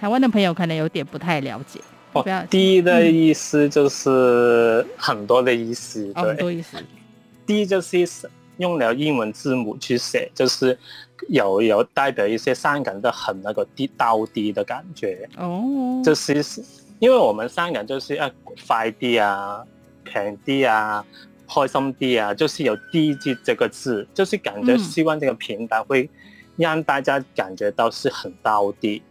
台灣的朋友可能有點不太了解，第一、哦、的意思就是很多的意思，嗯、對。第一、哦、就是用了英文字母去寫，就是有有代表一些香港的很那個低到底的感覺哦。就是因為我們香港就是要快啲啊，平啲啊，開心啲啊，就是有低字這個字，就是感覺希望這個平台會讓大家感覺到是很到的。嗯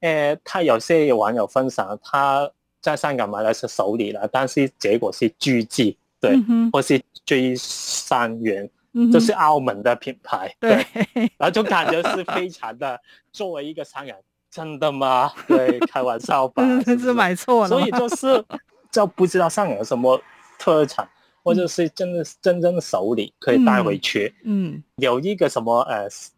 誒、呃，他有些網友分享，他在香港買的是手信啦，但是結果是鉅記，對，嗯、哼或是追三元，嗯、哼就是澳門的品牌，對，對然後就感覺是非常的， 作為一個商人，真的嗎？對，開玩笑吧， 是，是，是買錯了。所以就是就不知道香港有什麼特產， 或者是真的真正的手信可以帶回去，嗯，嗯有一個什麼誒？呃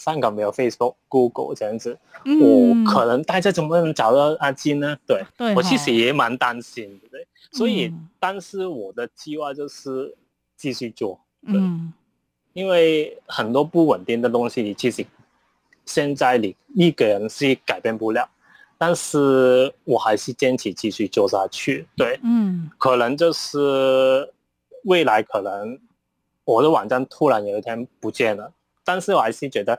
香港沒有 Facebook、Google 這樣子，嗯、我可能大家怎麼能找到阿金呢？對，對嘿我其實也蠻擔心的，對，所以，嗯、但是我的計劃就是繼續做，嗯，因為很多不穩定的東西，其實現在你一個人是改變不了，但是我還是堅持繼續做下去，對，嗯，可能就是未來可能我的網站突然有一天不見了，但是我還是覺得。